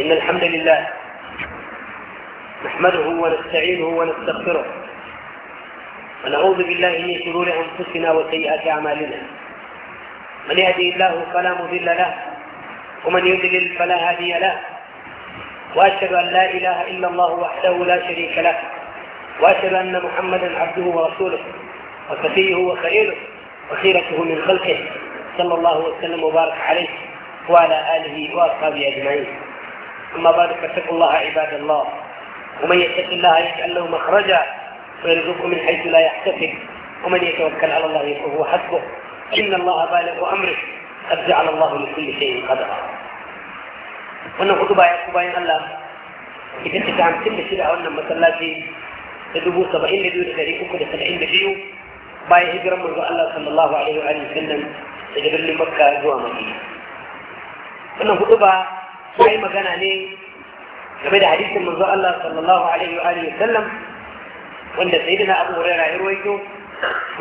إن الحمد لله نحمده ونستعينه ونستغفره ونعوذ بالله من شرور أنفسنا وسيئات أعمالنا من يهدي الله فلا مضل له ومن يضلل فلا هادي له وأشهد أن لا إله إلا الله وحده لا شريك له وأشهد أن محمدا عبده ورسوله وصفيه وخليله وخيرته من خلقه صلى الله وسلم وبارك عليه وعلى آله وأصحابه أجمعين أما بعد فاتقوا الله عباد الله ومن يتق الله يجعل له مخرجا ويرزقه من حيث لا يحتسب ومن يتوكل على الله فهو حسبه إن الله بالغ أمره قد جعل الله لكل شيء قدرا وأن خطبة يا خطبة يا الله إذا أنت عم تم الشدة أو أن مثلا في تدبو سبعين لدور ذلك وكد سبعين لشيو باي هجرة مرضى الله صلى الله عليه وآله وسلم تجبر لمكة جوا مكة وأن خطبة sai magana ne game da hadisin manzo Allah sallallahu alaihi wa alihi sallam wanda sayyidina Abu Hurairah ya rawaito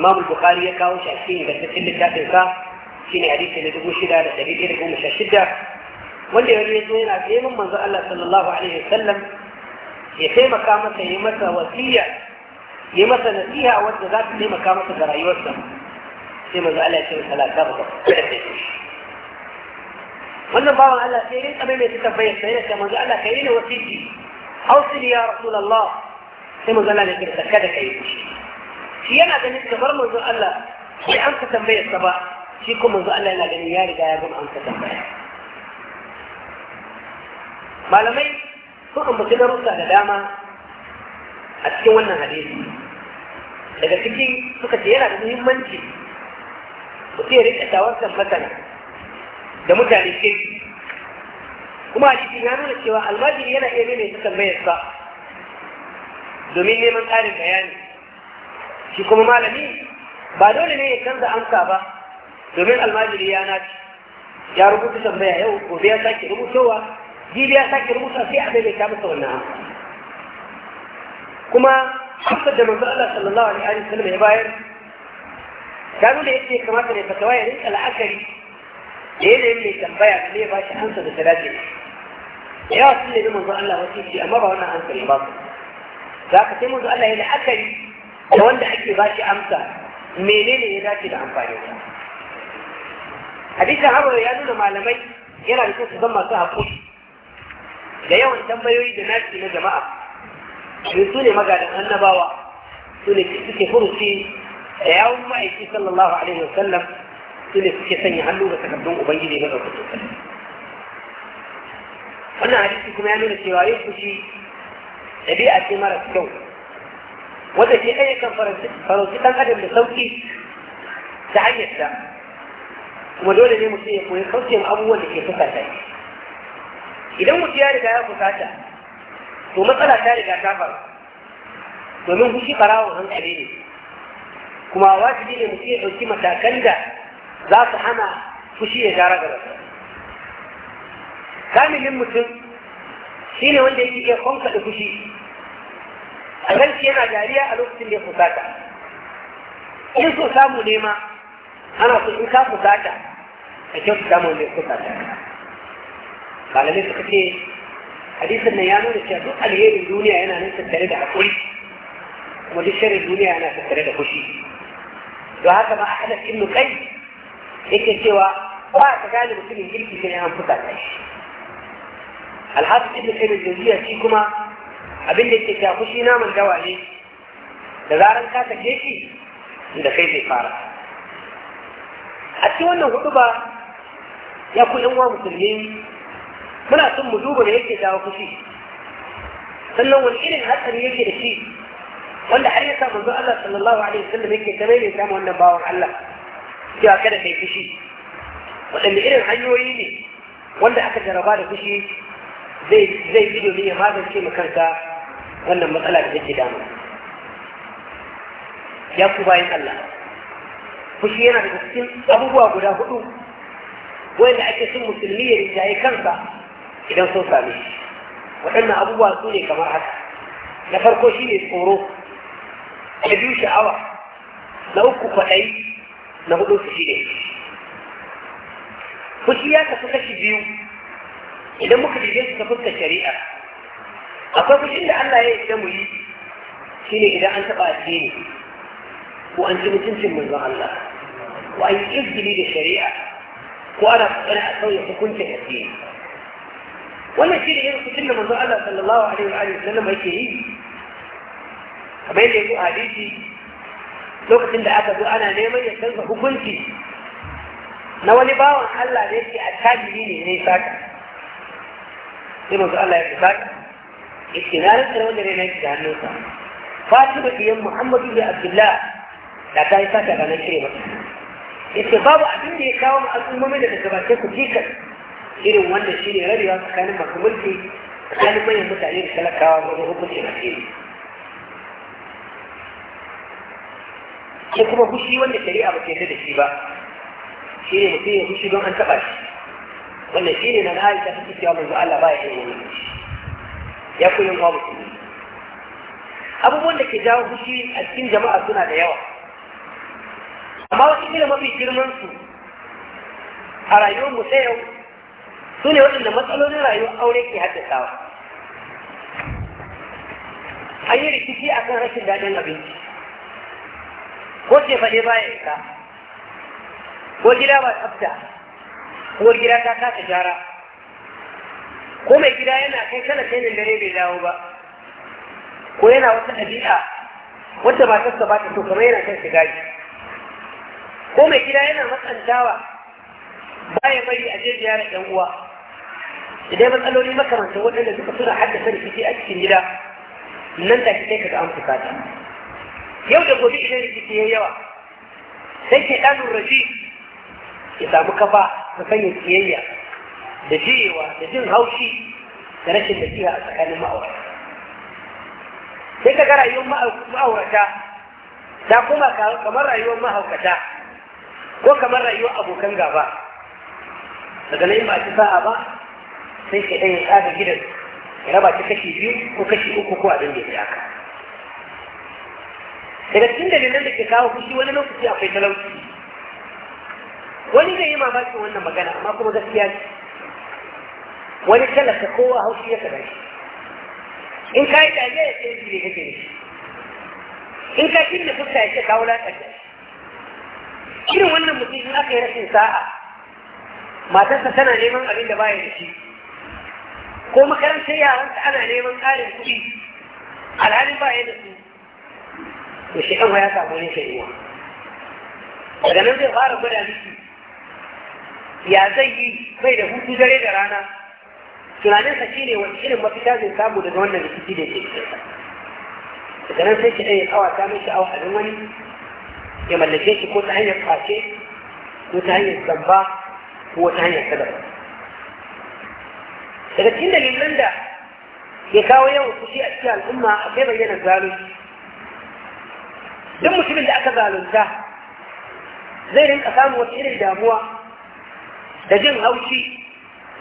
Imam Bukhari ya kawo shi a cikin gaskacin littafin sa shine hadisi na dubu shida da ɗari ɗaya da goma sha shida wanda ya rawaito yana taimakon manzo Allah sallallahu alaihi wa sallam ya taimaka masa ya masa wasiya ya masa nasiha wadda za ta taimaka masa ga rayuwarsa sai manzo Allah ya ce masa la ta ba من ضرر على خير أمام يتتفيت فهناك من جعل خير هو سيدي أوصل يا رسول الله ثم قال لك كده كده كده في أنا أدن إستمر من جعل في أنت تنبي الصباح فيكم من جعل إلى جنيار جايبون أنت تنبي معلمين كنتم بكنا رسا لداما أتكونا هديث لقد كنت فكتير على المهم منك وكتير إتوارك فتنة da mutane ke kuma hadisi ya nuna cewa almajiri yana iya nuna ta tambayarsa domin neman ƙarin bayani shi kuma malami ba dole ne ya canza amsa ba domin almajiri ya naci ya rubuta tambaya yau gobe ya sake rubutowa jibi ya sake rubuta sai a daidaita masa wannan amsa kuma amsar da manzo Allah sallallahu alaihi wa sallam ya bayar ta nuna yadda ya kamata ne fatawa ya rinka la'akari ليه ليه اللي تنبيع ليه باشا أنسى بثلاثة يا وصل لي منذ الله وسيدي أمره وانا أنسى الباطل ذاك تي منذ الله إلى أكل لو أنت حكي باشا أمسى منين يداتي لأنفاني hadisin haɓar ya nuna malamai yana da su zama masu haƙuri da yawan tambayoyi da nasi na jama'a domin su ne magadan annabawa su ne suke furuci da yawon ma'aiki sallallahu alaihi wasallam su ne suke sanya hannu da takardun ubangiji ga ɗaukacin sarki wannan hadisi kuma ya nuna cewa yin fushi ɗabi'a ce mara kyau wanda ke ɗaya kan faransi ɗan adam da sauƙi ta hanyar da kuma dole ne mutum ya koyi kauce ma abubuwan da ke fusata idan mutum ya riga ya fusata to matsala ta riga ta faru domin fushi ɓarawon hankali ne kuma wajibi ne mutum ya ɗauki matakan da za su hana fushi ya gara gaba kamilin mutum shi ne wanda yake iya kwanka da fushi a ganci yana dariya a lokacin da ya fusata in so samu nema ana so in ka fusata a kyautu samu wanda ya fusata malamai suka ce hadisin nan ya nuna cewa duk alherin duniya yana nan tattare da haƙuri kuma duk shirin duniya yana tattare da fushi don haka ba a halar ibnu kai yake cewa ba ka gane mutumin girki sai an fuka ta shi alhafi ibn kayyim jaziya shi kuma abin da yake cewa fushi naman dawa ne da zaran ka sake shi da kai zai fara a cikin wannan hudu ba ya ku yan uwa musulmi muna son mu duba da yake dawo fushi sannan wani irin hatsari yake da shi wanda har ya sa manzo Allah sallallahu alaihi wasallam yake ta mai samu wannan bawan Allah cewa kada kai fushi waɗanda irin hanyoyi ne wanda aka jaraba da fushi zai bi domin ya magance ma kanka wannan matsala da take damu ya ku bayan Allah fushi yana daga cikin abubuwa guda hudu wanda ake son musulmi ya rinjaye kansa idan sun same shi waɗannan abubuwa su ne kamar haka na farko shi ne tsoro na biyu sha'awa na uku kwaɗayi na hudun su shi ne fushi ya tafi kashi biyu idan muka jirge su ta fuskar shari'a akwai fushin da Allah ya yi da mu yi shi ne idan an taɓa addini ko an ji mutuncin manzon Allah ko an yi izgili da shari'a ko ana kokarin a sauya hukuncin addini wannan shi ne irin fushin da manzon Allah sallallahu alaihi wa sallam yake yi kamar yadda ya zo a hadisi lokacin da aka zo ana neman ya canza hukunci na wani bawan Allah da yake a tajiri ne ne saka sai masu Allah ya saka ya ce na rantsar wanda ne na yake da hannunsa fatima diyan muhammadu da abdullah da ta yi saka ranar shirya mata ya ce babu abin da ya kawo mu al'ummomi daga gabace ku jikar irin wanda shi ne rabewa tsakanin masu mulki tsakanin manyan mutane da talakawa wajen hukunci na shiri sai kuma fushi wanda shari'a ba ta da shi ba shi ne mutum ya fushi don an taɓa shi wannan shi ne na Aisha ta fi cewa manzo Allah ba ya yi wani ya kuma yin wabu abubuwan da ke jawo fushi a cikin jama'a suna da yawa amma wasu ne mafi girman su a rayuwar mu ta yau su ne waɗanda matsalolin rayuwar aure ke haddasawa an yi rikici akan rashin daɗin abinci ko ce fa ba ya isa ko gida ba tsafta ko gida ta kasa gyara ko mai gida yana kai kana kai dare bai dawo ba ko yana wata ɗabi'a wacce ba ta ba ta so kamar yana kan shiga ko mai gida yana matsantawa baya bari a je ziyarar yan uwa idan matsaloli makamantar waɗanda suka suna haddasa rikici a cikin gida nan take sai kaga an fusata yau da gobe idan rikici ya yawa sai ke ɗanun rashi ya samu kafa ta sanya kiyayya da jiyewa da jin haushi da rashin nasiha a tsakanin ma'aurata sai ka ga rayuwar ma'aurata ta kuma kamar rayuwar mahaukata ko kamar rayuwar abokan gaba daga nan ba ci sa'a ba sai ke ɗaya tsaga gidan ya raba ta kashi biyu ko kashi uku ko abin da ya fi haka daga cikin dalilan da ke kawo fushi wani lokaci akwai talauci wani zai yi mamakin wannan magana amma kuma gaskiya ne. wani talaka kowa haushi ya kada shi in ka yi dariya ya ce yanzu ne kake ne in ka shi da fuska ya ce kawo lakata irin wannan mutum in aka yi rashin sa'a matarsa tana neman abin da baya da shi ko makarantar yaransa ana neman ƙarin kuɗi alhalin baya da su وشيء أمها يسعى بولين شيء إيوه هذا نمزي غارة بلا نسي يا زي خير هو تجاري درانا سنانا سكيني وإنه ما في تازن سابو لدوانا لكتيدة شيء هذا نمزي شيء أي قوى تامي شيء أو حلواني يما اللي شيء كنت هين يبقاشي كنت هين يتنبع هو تهين يتنبع إذا كنت للمندا يكاوي يوم تشيء أشياء الأمة أكيد بينا الزالي duk mutumin da aka zalunta zai rinka samun wata irin damuwa da jin haushi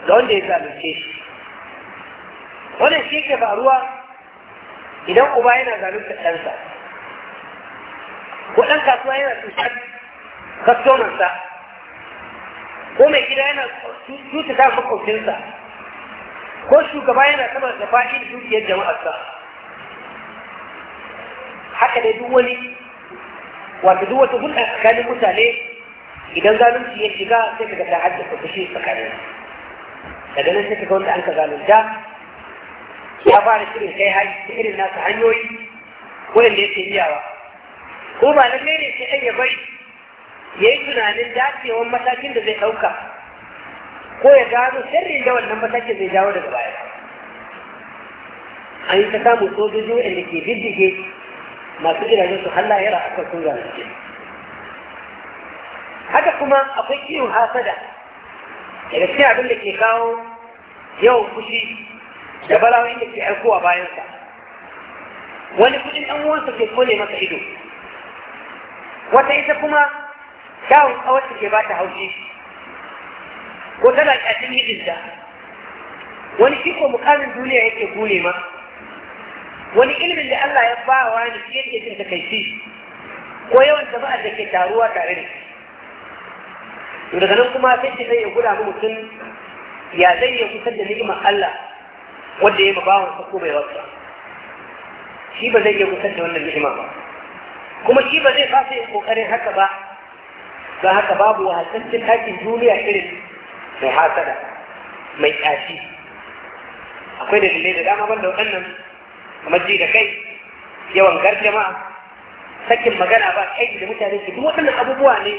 da wanda ya zalunce shi wannan shi ke faruwa idan uba yana zalunta ɗansa ko ɗan kasuwa yana tushen kastomansa ko mai gida yana cuta ta makwabcinsa ko shugaba yana sama da fa'in dukiyar jama'arsa haka dai duk wani wato duk wata hulɗa tsakanin mutane idan zalunci ya shiga sai gada hajji haddasa fushi tsakanin daga nan sai ga wanda an ka zalunta ya fara shirin kai hajji ta irin nasa hanyoyi ya yake iyawa ko ba na ne sai ɗan ya bari ya yi tunanin dacewan matakin da zai ɗauka ko ya gano sirrin da wannan matakin zai jawo daga baya an yi ta samun sojoji wanda ke bindige masu gidajen su halla yara akwai sun zalunce haka kuma akwai kiwon hasada daga cikin abin da ke kawo yawan fushi da balawai da ke aikowa bayansa wani kudin ɗan uwansa ke kone masa ido wata ita kuma kyawun kawarta ke ba ta haushi ko tana ƙyashin hijinta wani kiko mukamin duniya yake gule ma wani ilimin da Allah ya ba wa ne shi yake jin takaici ko yawan jama'ar da ke taruwa tare da to daga nan kuma sai shi zai ya guda mu mutum ya zai ya kusan da ni'imar Allah wanda ya ma bawon sa ko bai wasa shi ba zai iya kusan da wannan ni'ima ba kuma shi ba zai fasa yin kokarin haka ba don haka babu wahalsancin hakin duniya irin mai hasada mai ƙyashi akwai dalilai da dama banda waɗannan kamar ji da kai yawan gar ma, sakin magana ba aiki da mutane su duk waɗannan abubuwa ne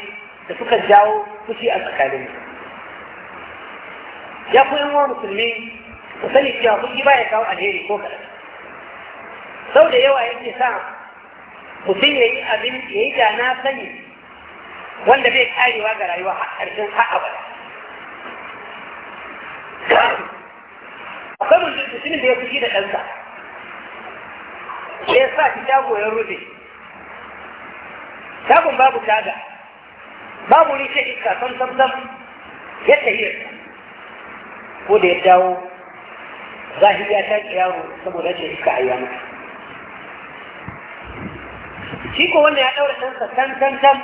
da suka jawo fushi a tsakanin ya ku yan uwa musulmi ku sani cewa kun ba ya kawo alheri ko kaɗan sau da yawa yake sa mutum ya yi abin ya yi da na sani wanda bai karewa ga rayuwa har ƙarshen har abada akwai mutumin da ya fi da ɗansa ya sa shi shago ya rufe shagon babu taga babu rike iska sam sam sam ya tahiyar ko da ya dawo zahiri ya shaƙi yaro saboda ce iska a yi shi ko wanda ya ɗaura ɗansa tan tan tan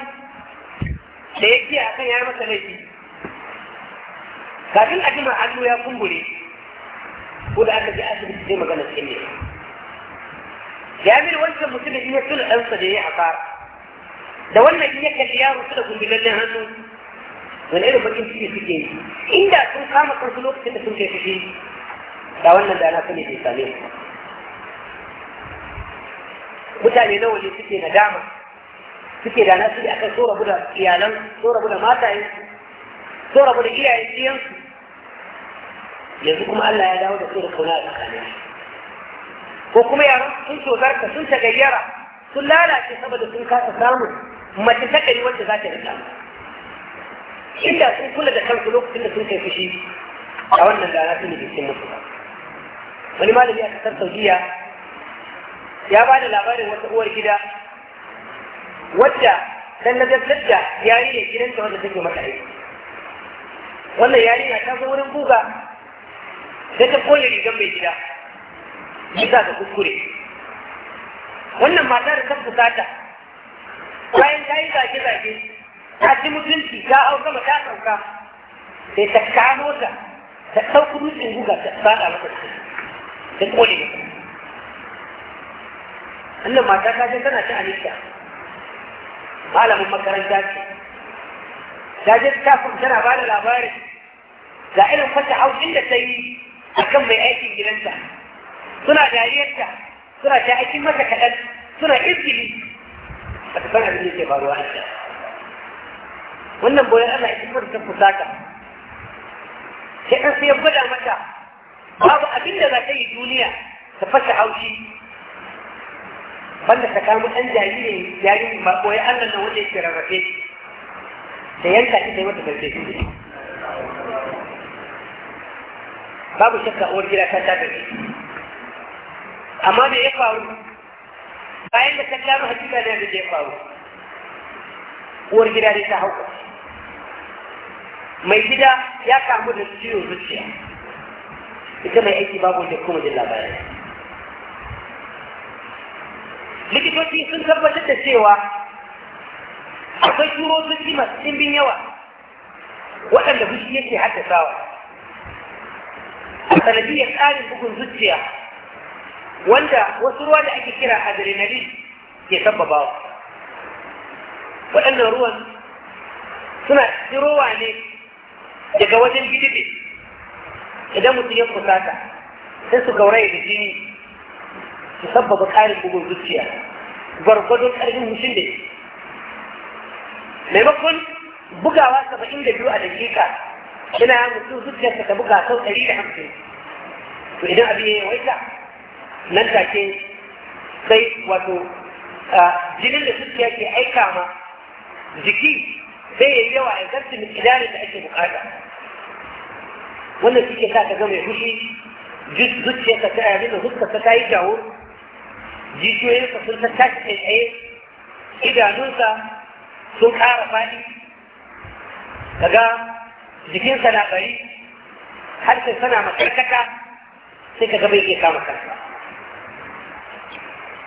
da ya kiya kan ya yi masa laifi kafin a jima allo ya kumbure ko da aka ji asibiti sai magana cikin ne جامل وانت مسلم إني كل أنسى جاي عقار لو أنا إني كليا وصلكم بالله هم من أيه بكم في سكين إن دا كم كام كم سلوك تنسون كيف شيء لو أنا دانا كني في سامي بتاني لو اللي سكين دام سكين دانا سدي أكل صورة بدها إيالن صورة بدها ما تعيش صورة بدها إيه عيشين يزكم الله يا داود كل خلاص خلاص ko kuma yaran sun ka sun tagayyara sun lalace saboda sun kasa samu mace ta gari wanda za ta rika inda sun kula da kansu lokacin da sun kai fushi a wannan rana sun da sun mutu wani malami a kasar saudiya ya ba da labarin wata uwar gida wadda dan na gaskata yayi ne gidanta wanda take mata aiki wannan yari na ta zo wurin buga da ta koyi rigan mai gida yi za kuskure wannan mata da ta bukata bayan ta yi zage-zage ta ci mutunci ta hau sama ta sauka sai ta kamo ta ta ɗauki dutsen guga ta fada mata ta kone mata wannan mata ta ce tana ta alista malamin makaranta ce ta je ta tana ba da labarin ga irin fata haushin da ta yi a kan mai aikin gidanta suna dariyarta suna ta aikin mata kaɗan suna izini a cikin abin da ke faruwa a cikin wannan boye Allah yi mata ta fusata sai an sai gwada mata babu abin da za ta yi duniya ta fasa haushi banda ta kama ɗan jaririn jaririn ba boye Allah na wanda yake rarrafe da yanka shi sai mata karfe babu shakka uwar gida ta ta gaske amma me ya faru bayan da ta gano hakika ne da ya faru uwar gida ne ta hau mai gida ya kamu da ciwon zuciya ita mai aiki babu da kuma jin labarai likitoci sun tabbatar da cewa akwai turo zuci masu cimbin yawa waɗanda fushi yake haddasawa a sanadiyar tsarin bugun zuciya wanda wasu ruwa da ake kira adrenaline ke wa waɗannan ruwan suna tsirowa ne daga wajen gidibe idan mutum ya kusata sai su gauraye da jini su sababa ƙarin bugun zuciya gwargwadon ƙarfin mushin da maimakon bugawa saba'in da biyu a dakika yana mutum zuciyarsa ta buga sau ɗari da hamsin to idan abin ya waita nan take sai wato jinin da zuciya ke aika ma jiki sai ya yi yawa ya zarta mikidarin da ake bukata wannan shi ke sa ka ga mai fushi zuciya ka ta yamin da huska ta ta yi jawo jijiyoyinsa sun ta tashi tsaye idanunsa sun ƙara faɗi kaga jikinsa na ɓari harshen sana makarkata sai ka gaba yake kama kansa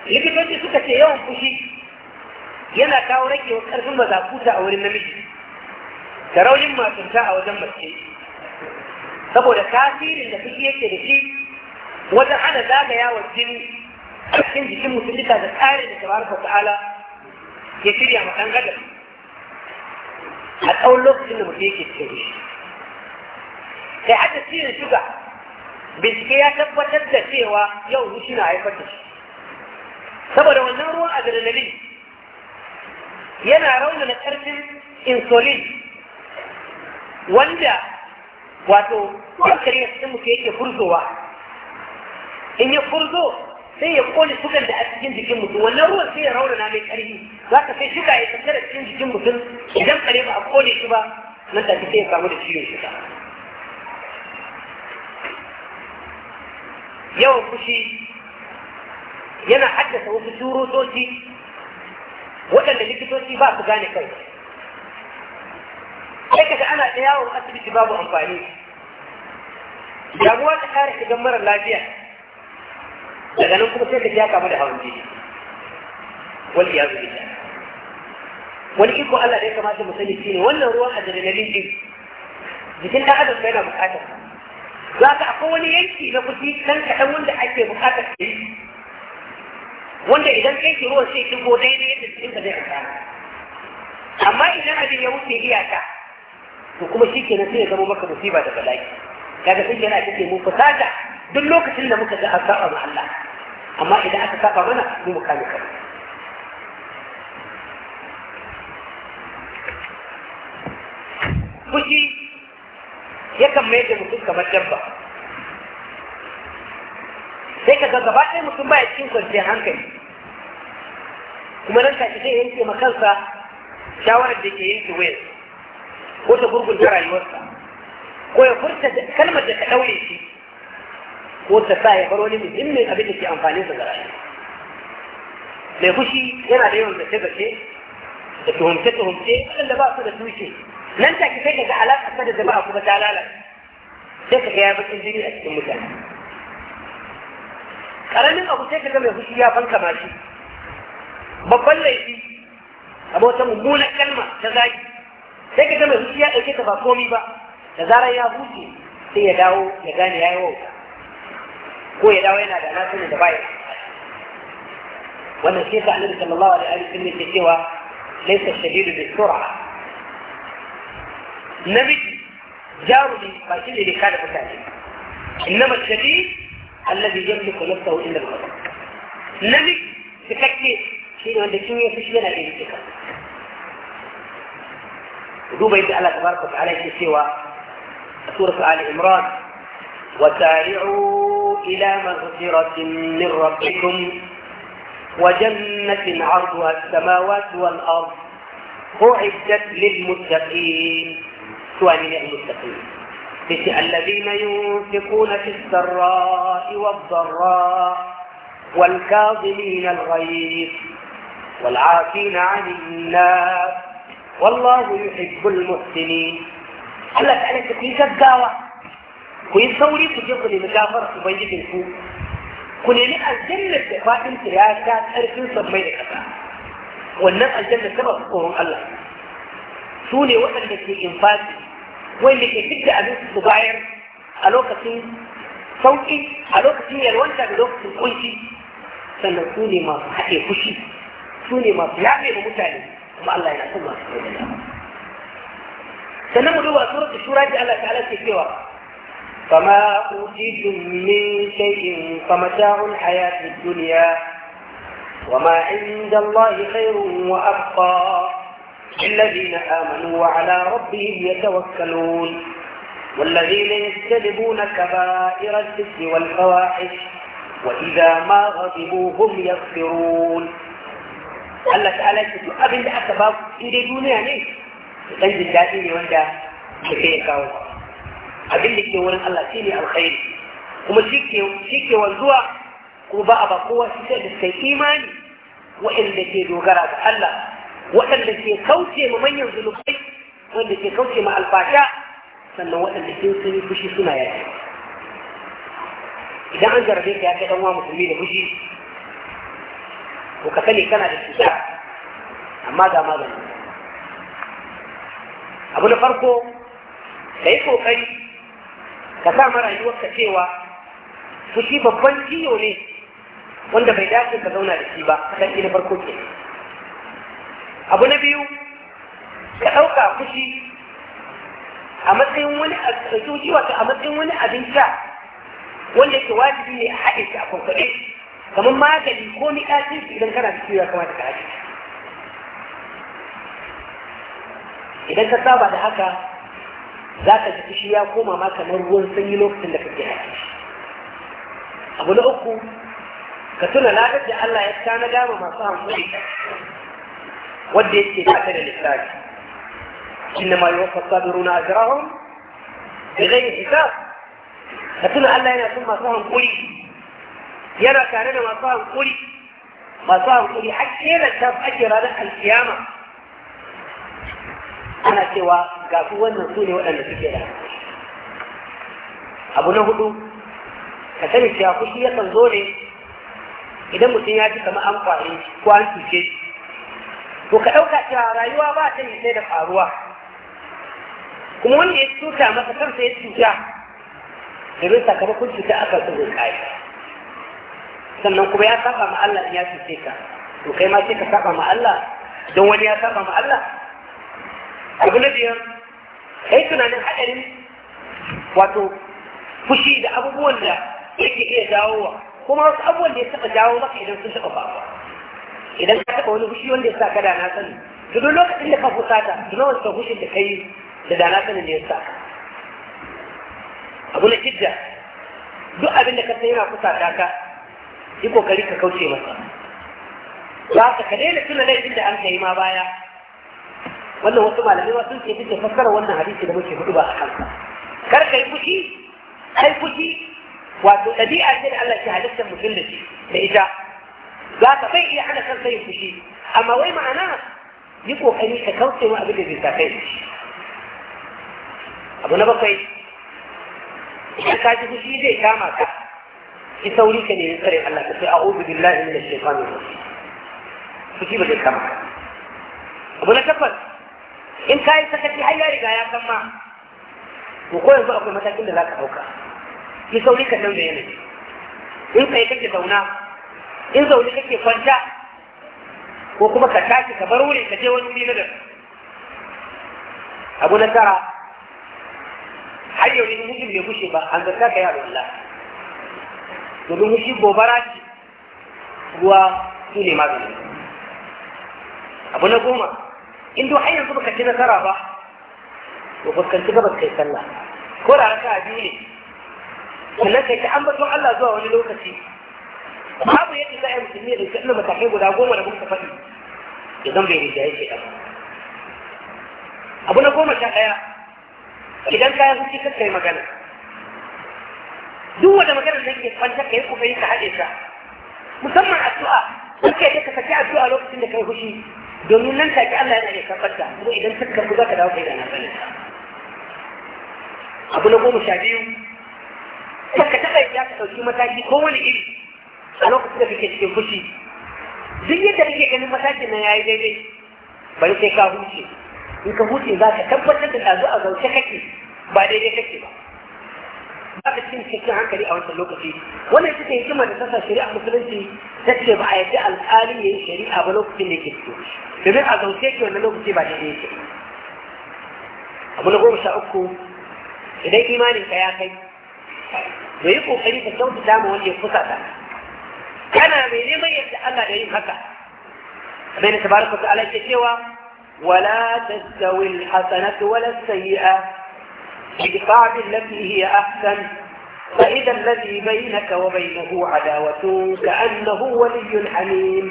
likitoci suka ce yawan fushi yana kawo rakewar ƙarfin mazakuta a wurin namiji da raunin matunta a wajen mace saboda tasirin da fushi yake da shi wajen hana zagayawar jini a cikin jikin mutum duka da tsarin da tabaraka ta'ala ya shirya ma ɗan adam a tsawon lokacin da mutum yake cikin shi kai hada ciwon shuga bincike ya tabbatar da cewa yau shi na haifar da shi saboda wannan ruwan adrenaline yana raunana ƙarfin insulin wanda wato kwankari na cikin muke yake furzowa in yi furzo sai ya kone sukan da a cikin jikin mutum wannan ruwan sai ya na mai ƙarfi za ka sai shuka ya tattara cikin jikin mutum idan kare ba a kone shi ba nan da ya samu da ciwon shuka yawan fushi yana haddasa wasu surutoci waɗanda likitoci ba su gane kai sai kaga ana da yawon asibiti babu amfani damuwa ta kare shigan mara lafiya daga nan kuma sai ka ya kamu da hawan jini wani ya zubi wani iko Allah da ya kamata mu sani shine wannan ruwan adrenaline din jikin ɗan adam yana buƙatar za ka akwai wani yanki na kuɗi kan kaɗan wanda ake buƙatar da yi wanda idan kai ki ruwan sai dubo dai ne yadda cikin da zai amfana amma idan abin ya wuce iyaka to kuma shi kenan sai ya zama maka musiba da bala'i kaga sai yana kake mu fasada duk lokacin da muka ga an saba ma Allah amma idan aka saba mana mu kame kai fushi yakan mai da mutum kamar dabba sai ka gaba ɗaya mutum baya cikin kwanciyar hankali kuma nan take zai yanke ma kansa shawarar da ke yanke wayar ko ta gurgunta rayuwarsa ko ya furta kalmar da ta ɗaure shi ko ta sa ya bar wani muhimmin abin da ke amfanin da ga rayuwa mai fushi yana da yawan zace zace da tuhumce tuhumce waɗanda ba su da tushe nan take sai ka ga alaƙa da jama'a kuma ta lalata, sai ka ga ya bakin jini a cikin mutane karamin abu sai kaga mai fushi ya fanka ma shi babban laifi a wata mummunan kalma ta zagi sai kaga mai fushi ya ɗauke ta ba komi ba da zarar ya huce sai ya dawo ya gane ya yi wauta ko ya dawo yana da nasarar da baya wannan sai yasa annabi sallallahu alaihi wa sallam yake cewa laysa shadidu bi sur'a namiji jarumi ba shi ne da kada mutane innama shadid الذي يملك نفسه الا الغضب نملك بشكل شيء عندك الكيمياء في شيء لا يملك ودوبا يدعي الله تبارك وتعالى سوى سورة آل عمران وسارعوا إلى مغفرة من ربكم وجنة عرضها السماوات والأرض أعدت للمتقين سواء من المتقين الذين ينفقون في السراء والضراء والكاظمين الغيظ والعافين عن الناس والله يحب المحسنين هل تعرف كيف الدعوة كي تصوري تجيبني مجافر تبيجي بالكو كن يلي أجل الدفاع امتياكات أرسل صبعي لك والنفع الجنة كما تقولون الله سوني وقت لكي انفاتي واللي كان بيدي ادوس دوغاير الوكاتين صوتي الوكاتين يلونتا بلوكس كويتي سنكوني ما حكي خشي سوني ما يعني ومتالي ثم الله يعطي الله سنمو لو أسورة الشورة دي الله تعالى سيكيوة فما أوجد من شيء فمتاع الحياة الدنيا وما عند الله خير وأبقى الذين آمنوا وعلى ربهم يتوكلون والذين يجتنبون كبائر الإثم والفواحش وإذا ما غضبوا هم يغفرون قال لك تعالى يقول أبن أسباب إلى دنيا تنجي الجاهلية وانجا كفيك أبن لك يقول الله سيني الخير وما شيك والدوا قباء بقوة سيد الإيمان إيماني وإن لك يقول الله waɗanda ke kauce ma manyan zunubai wanda ke kauce ma alfasha sannan waɗanda ke sun fushi suna yaki idan an jarabe ka ya kai ɗanwa musulmi da fushi ko ka sani kana da cuta amma ga magani abu na farko ka yi ƙoƙari ka sa mara rayuwarka cewa fushi babban ciwo ne wanda bai dace ka zauna da shi ba kasance na farko ke abu na biyu ka ɗauka fushi a matsayin wani abinci wato a matsayin wani abin sha wanda yake wajibi ne a haɗe shi a kwankwaɗe kamar magani ko miƙacin shi idan kana da ciwo ya kamata ka haɗe idan ka saba da haka za ka ji fushi ya koma ma kamar ruwan sanyi lokacin da kake haɗe shi abu na uku ka tuna ladar da Allah ya tanada ma masu hankali ودي يتأثر الإحساس إنما يوفى الصابرون أجرهم بغير حساب لكن ألا هنا ثم صاهم قولي يرى كاننا ما صاهم قولي ما قولي حتى هنا تاب أجر لك القيامة أنا سوى قافوا نصوني وأنا نسكرها أبو نهدو كثير سياخوشي يتنظوني إذا مسيحاتي كما أمقى إيش كوان تشيش to ka ɗauka cewa rayuwa ba ta yi sai da faruwa kuma wanda ya cuta masa kansa ya cuta domin sakamakon cuta aka so zai kai sannan kuma ya saba ma Allah in ya cuce ka to kai ma sai ka saba ma Allah don wani ya saba ma Allah abu na biyar kai tunanin haɗarin wato fushi da abubuwan da yake iya jawowa kuma wasu abubuwan da ya taɓa jawo maka idan sun taɓa faruwa idan ka taɓa wani fushi wanda ya sa ka da na sani to duk lokacin da ka fusata to nawa ka da da kai da da na sani ne ya sa abu na jidda duk abin da ka san yana fusata ka yi kokari ka kauce masa za ka ka daina tuna laifin da an kai ma baya wannan wasu malamai wasu ke fice fassara wannan hadisi da muke hudu ba a kansa kar ka yi fushi kai fushi wato ɗabi'a ce da Allah ke halittar mutum da ita za ka bai iya hana kansa yin fushi amma wai ma'ana yi kokari ka kauce ma abin da zai sa kai abu na bakwai idan ka ji fushi zai kama ka ki sauri ka nemi tsare Allah ka sai a'udhu billahi minash shaitanir rajim fushi ba zai kama ka abu na takwas in ka yi sakaci har ya riga ya kama to ko yanzu akwai matakin da za ka ɗauka ki sauri ka canza yanayi in kai kake zauna in zaune kake kwanta ko kuma ka tashi ka bar wuri ka je wani wuri na da abu na tara har yau ne mutum bai gushe ba an zarta ka yi alwala domin shi gobara ce ruwa su ne magani abu na goma in duk har yanzu baka ci nasara ba to fuskanci gabas kai sallah ko da raka biyu ne sannan kai ta ambaton Allah zuwa wani lokaci babu yadda za a yi musulmi ya ɗauki ilimin matakai guda goma da muka faɗi ya zan bai rijiya yake ɗan abu na goma sha ɗaya idan kayan fushi kakka yi magana duk wanda magana da ke kwanta ka yi kokari ka haɗe ta musamman addu'a kuka yadda ka saki addu'a lokacin da kai fushi domin nan take Allah yana iya karɓar ta kuma idan ka karɓi za ka dawo kai da na sani abu na goma sha biyu ka taɓa ya ka ɗauki mataki ko wani iri a lokacin da kake cikin fushi duk yadda kake ganin matakin nan yayi daidai bari sai ka huce in ka huce za ka tabbatar da tazo a zauce kake ba daidai kake ba ba ka cikin cikin hankali a wancan lokaci wannan ita ce hikimar da sassa shari'a musulunci ta ce ba a yadda alƙali ya yi shari'a ba lokacin da yake fito domin a zauce ke wannan lokaci ba daidai yake abu na goma sha uku idan imaninka ya kai da yi ƙoƙari ka kyautata ma wanda ya kusa ta kana mai neman yadda Allah da yin haka kamar yadda tabaraka ta ala ke cewa wala tastawi alhasanatu wala sayyi'a idfa billati hiya ahsan fa idan alladhi bainaka wa bainahu adawatun ka'annahu waliyyun hamim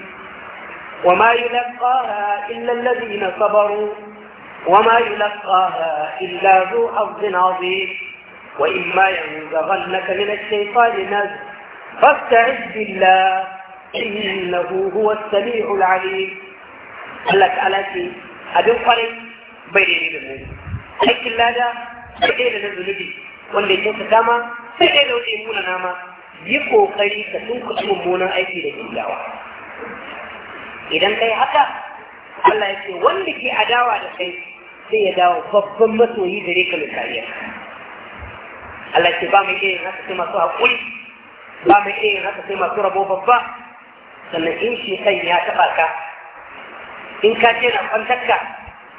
وما يلقاها إلا الذين صبروا وما يلقاها إلا ذو حظ عظيم وإما ينزغنك من الشيطان نزغ فاستعذ بالله إنه هو السميع العليم لك ألاتي أبن قري بيني لك أيك الله دا بيني نزلدي واللي موسى كما بيني ودي مولا ناما يكو قري تسوك أمونا أيكي لك داوا إذن كي حتى Allah ya ce wanda ke adawa da kai sai ya dawo babban يقول gare ka mai kariya Allah ce ba mu iya haka sai masu ba mai iya yin haka sai masu rabo babba sannan in shi kan ya taɓa ka in ka je na kwantarka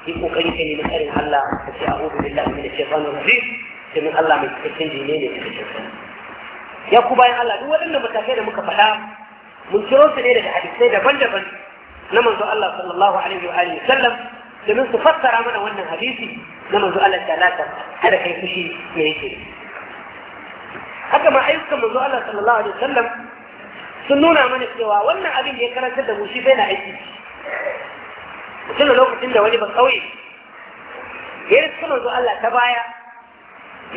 yi kokari ka nemi tsarin Allah ka ce a hudu billahi min shaitanir rajim domin Allah mai cikakken jini ne cikakken sani ya ku bayan Allah duk waɗannan matakai da muka faɗa mun kiro su ne daga hadisai daban-daban na manzo Allah sallallahu alaihi wa alihi sallam domin su fassara mana wannan hadisi na manzo Allah ta lata kada kai fushi me yake haka ma ayyukan manzo Allah sallallahu alaihi wasallam sun nuna mana cewa wannan abin da ya karanta da mu shi bai na aiki mutum da lokacin da wani ba kauye ya yi suka manzo Allah ta baya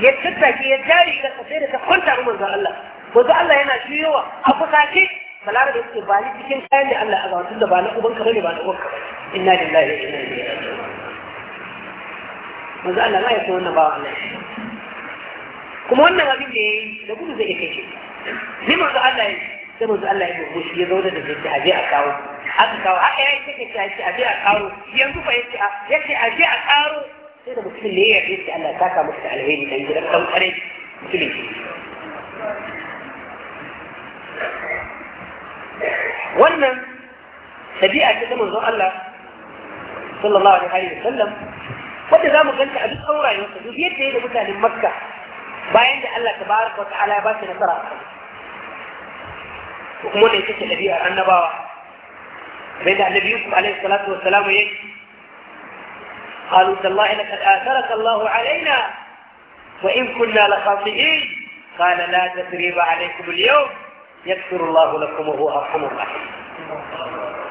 ya tattaki ya jari ga kasai da ta kwanta mu manzo Allah manzo Allah yana juyowa a kusace balarabe ce ba ni cikin kayan da Allah a ga tun da ba na ubanka bane ba na uwanka bane inna lillahi wa inna ilaihi raji'un manzo Allah ma ya ce wannan bawa Allah kuma wannan abin da ya yi da gudu zai kai shi ni manzo Allah ya sai manzo Allah ya gogo shi ya zo da jinki aje a kawo aka kawo haka ya yi take ta ce aje a kawo yanzu fa yace yace aje a kawo sai da mutum ne ya yi Allah ya saka masa alheri dan gidan kan kare mutumin shi wannan tabi'a ce ta manzon Allah sallallahu alaihi wasallam wanda za mu ganta a duk an rayuwarsa duk yadda ya da mutanen Makka bayan da Allah tabaraka wa ta'ala ya ba shi nasara a kan ko kuma ne yake ɗabi'ar annabawa bai da annabi Yusuf alaihi salatu wa salamu yake قالوا تالله لقد آثرك الله علينا وإن كنا لخاطئين قال لا تثريب عليكم اليوم يغفر الله لكم وهو أرحم الراحمين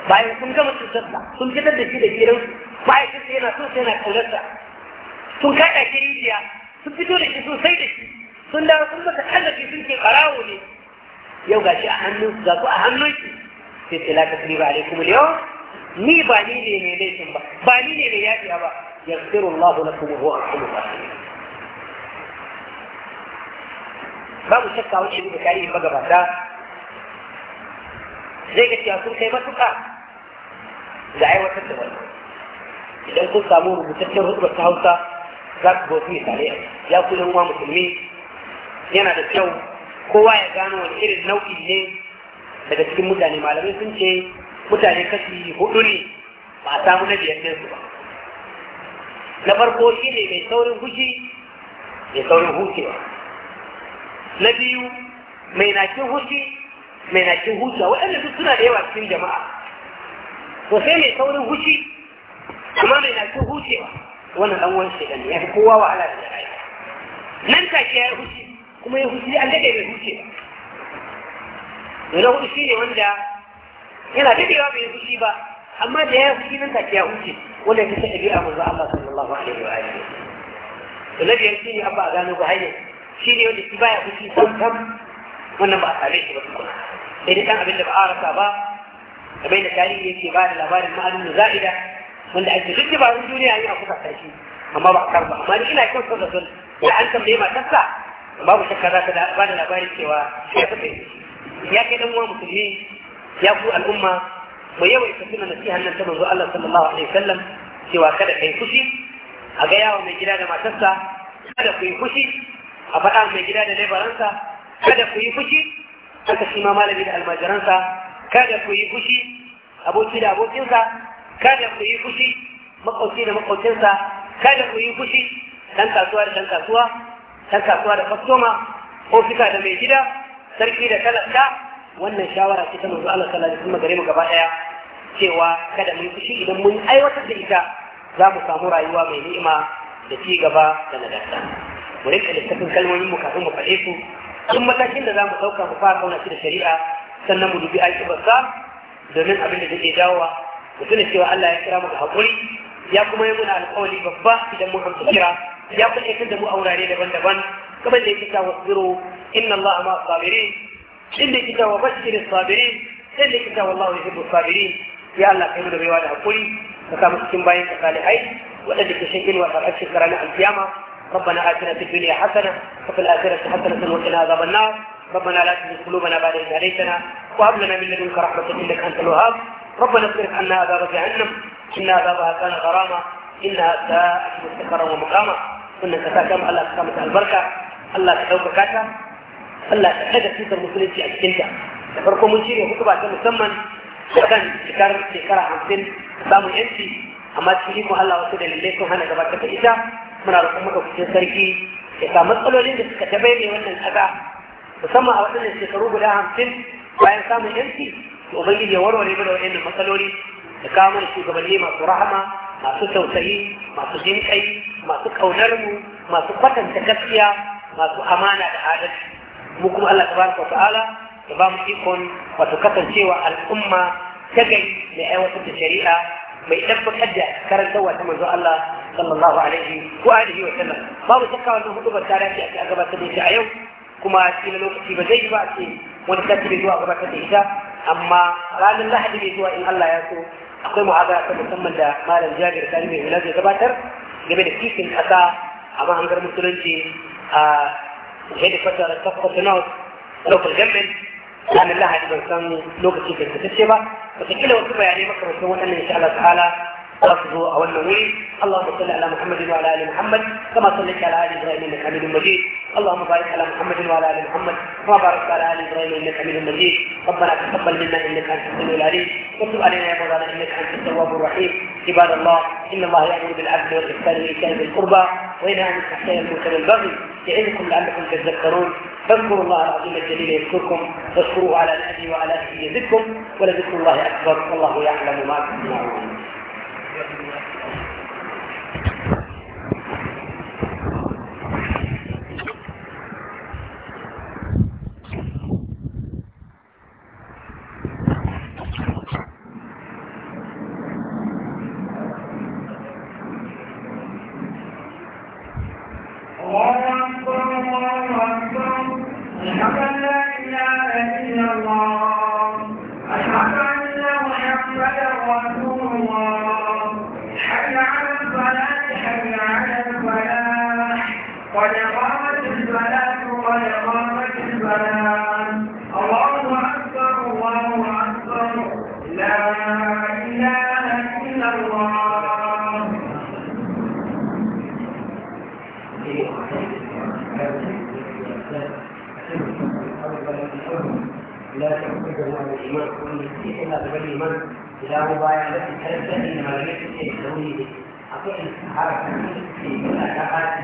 bayan sun gama cutarsa sun fitar da shi da gidansu ma'aikata yana so yana kaunarsa sun kaɗa shi rijiya sun fito da shi sosai da shi sun dawo sun masa arziki sun ce ɓarawo ne yau ga shi a hannun ga ku a hannun ki sai ce laka sani ba alaikum yau ni ba ni ne mai laifin ba ba ni ne mai yafiya ba yaghfiru Allahu lakum wa huwa arhamur rahimin babu shakka wacce da tarihin magabata zai ga cewa sun kai matuƙa ga aiwatar da wannan idan kun samu rubutaccen rubutar ta hausa za ku bautu yi tare ya ku yan musulmi yana da kyau kowa ya gano wani irin nau'i ne daga cikin mutane malamai sun ce mutane kashi hudu ne ba a samu na biyar su ba na farko shi ne mai saurin fushi mai saurin hucewa na biyu mai nakin fushi mai nakin hucewa waɗanda su suna da yawa cikin jama'a to sai mai saurin fushi kuma mai nakin hucewa wannan dan uwan shi ne ya fi kowa wa Allah da rayuwa nan take ya huce kuma ya huce an dade bai huce ba da huce shi ne wanda yana dadewa bai huce ba amma da ya huce nan take ya huce wanda ya kace dabi'a manzo Allah sallallahu alaihi wa alihi to nabi yanki ne abba gano ba hayya shi ne wanda shi baya huce sam sam wannan ba a same shi ba tukuna sai dai kan abin da ba a rasa ba kamar da tarihi yake ba da labarin ma'alin za'ida wanda ake duk dabarun duniya yana kusa karshe amma ba a karba amma ni ina kin so da sun da an tambaye matarsa babu shakka za ta ba da labarin cewa ya kai ya kai dan uwan musulmi ya ku al'umma mu yawaita suna nasihan nan ta manzo Allah sallallahu alaihi wasallam cewa kada kai fushi a ga yawo mai gida da matarsa kada ku yi fushi a faɗa mai gida da labaransa kada ku yi fushi haka shi ma malami da almajiransa kada ku yi fushi aboki da abokinsa kada ku yi fushi makwauci da makwaucinsa kada ku yi fushi dan kasuwa da dan kasuwa dan kasuwa da kwastoma ofisa da mai gida sarki da talaka wannan shawara ce ta manzo Allah sallallahu alaihi wasallam gare mu gaba daya cewa kada mu yi fushi idan mun aiwatar da ita za mu samu rayuwa mai ni'ima da ci gaba da nagarta mu rinka littafin kalmomin mu kafin mu faɗe su in matakin da za mu ɗauka mu fara kauna shi da shari'a sannan mu dubi aiki domin abin da zai jawowa mutum cewa Allah ya kira mu da haƙuri ya kuma yi muna alƙawari babba idan mun amsa kira ya kuma aikar da mu a wurare daban-daban kamar da yake cewa ziro inna Allah ma sabirin inda yake cewa bashirin sabirin sai da yake cewa wallahu yuhibbu sabirin ya Allah kai mu da baiwa da haƙuri ka samu cikin bayan ka salihai waɗanda ke shan inuwa a ƙarshen ranar alkiyama ربنا آتنا في الدنيا حسنة وفي الآخرة حسنة وقنا عذاب النار ربنا لا تزغ قلوبنا بعد إذ هديتنا وهب لنا من لدنك رحمة إنك أنت الوهاب ربنا اصرف عنا عذاب جهنم ان عذابها كان غراما انها ساءت مستقرا ومقاما انك تاكم الا على البركه الا تحوك كاتا الا تحدث في المسلمين في اجلك فرقم مجيري خطبه كان مسمى وكان شكر عن عمسين سامو انتي اما تشيكو هلا وسيد الليكو هنا جبت كتيسا من رقمك في سيسريكي اذا مسألوا لين كتبيني وانا الاذا مسمى اوزن الشكروب لها عمسين وين سامي انتي وبلي يورو لي منو إن مثلوري تكامل في قبلي ما سرحمة ما سوسو سعي ما سجين سعي ما سكو نرمو ما سقطة سكسيا ما سأمانة عادة مكم الله تبارك وتعالى تبام يكون وسقطة سوى الأمة تجي لأيوة الشريعة ما يدفع حجة كرن سوى ثم زو الله صلى الله عليه وآله وسلم ما بسكا وانه هدوب التاريخ أكبر سبيل شعيو كما سيلا لوكتي بزيجبا سيلا ونسكت بزوء أكبر سبيل أما الآن لا حد يسوى إن الله يسوى أقيم هذا كمسمى ده مال الجابر كلمه ولازم تباتر قبل كيس الأساء أما أنظر ااا آه، هيدي فترة تفقى سنوات لو تجمل لأن الله عز وجل كان لوك كيف تكتشفه بس كل وقت يعني ما كان مسلم أن إن شاء الله تعالى رفض أو النوي الله صلى على محمد وعلى آل محمد كما صليت على آل إبراهيم إنك حميد مجيد اللهم بارك على محمد وعلى ال محمد كما باركت على ال ابراهيم انك حميد مجيد ربنا تقبل منا انك انت السميع العليم وتب علينا يا مولانا انك انت التواب الرحيم عباد الله ان الله يامر بالعدل والاحسان وايتاء ذي القربى وينهى عن الفحشاء والمنكر والبغي يعظكم لعلكم تذكرون فاذكروا الله العظيم الجليل يذكركم واشكروه على الاهل وعلى اهله يزدكم ولذكر الله اكبر والله يعلم ما تصنعون إقامة البلاء وإقامة البلاء الله أكبر الله أكبر لا إله إلا الله الايمان كله الا بالايمان الى مبايعه انما لم يكن يستوي اقول الصحابه في ملاحقات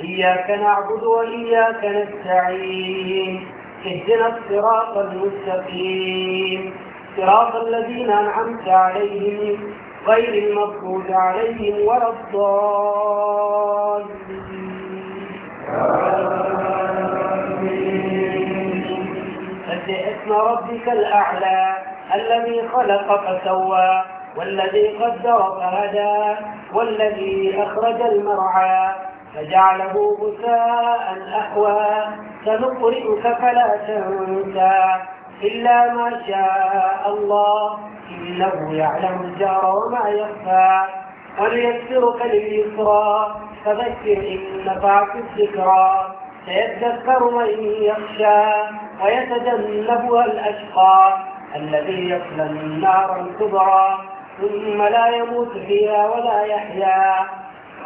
إياك نعبد وإياك نستعين اهدنا الصراط المستقيم صراط الذين أنعمت عليهم غير المفروض عليهم ولا الضالين اسم ربك الأعلى الذي خلق فسوى والذي قدر فهدى والذي أخرج المرعى فجعله بكاء أحوى سنقرئك فلا تنسى إلا ما شاء الله إنه يعلم الجار وما يخفى وليسرك لليسرى فذكر إن نفعت الذكرى سيتذكر من يخشى ويتجنبها الأشقى الذي يصلى النار الكبرى ثم لا يموت فيها ولا يحيا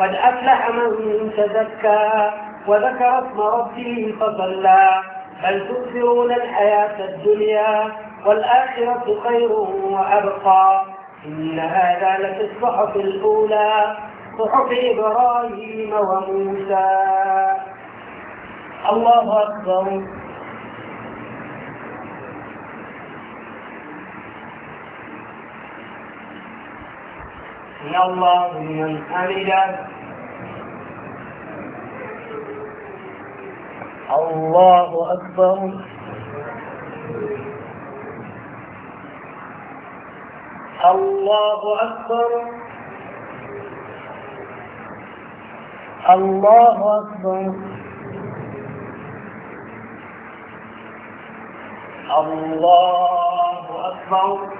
قد أفلح من تزكى وذكر اسم ربه فصلى بل تؤثرون الحياة الدنيا والآخرة خير وأبقى إن هذا لفي الصحف الأولى صحف إبراهيم وموسى الله أكبر إن الله من حمده الله أكبر الله أكبر الله أكبر الله أكبر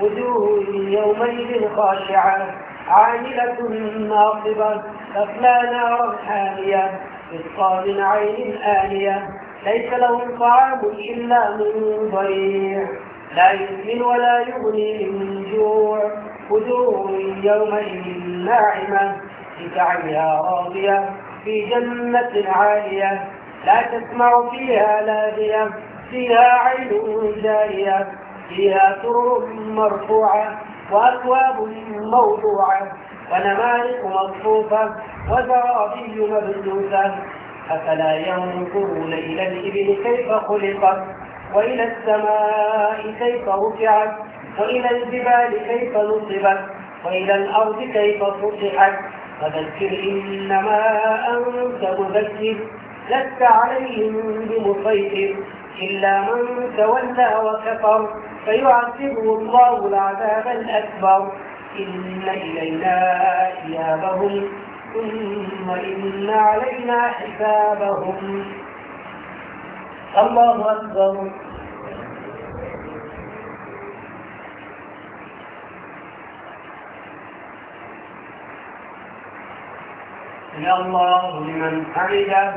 وجوه يومئذ خاشعة عاملة ناصبة تصلى نارا حامية تسقى من عين آنية ليس لهم طعام إلا من ضريع لا يسمن ولا يغني من جوع وجوه يومئذ ناعمة لسعيها راضية في جنة عالية لا تسمع فيها لاغية فيها عين جارية فيها سرر مرفوعة وأكواب موضوعة ونمارق مصفوفة وزرابي مبثوثة أفلا ينظرون إلى الإبل كيف خلقت وإلى السماء كيف رفعت وإلى الجبال كيف نصبت وإلى الأرض كيف فتحت فذكر إنما أنت مذكر لست عليهم بمسيطر إلا من تولى وكفر فيعذبه الله العذاب الأكبر إن إلينا إيابهم ثم إن علينا حسابهم الله أكبر يا الله لمن حمده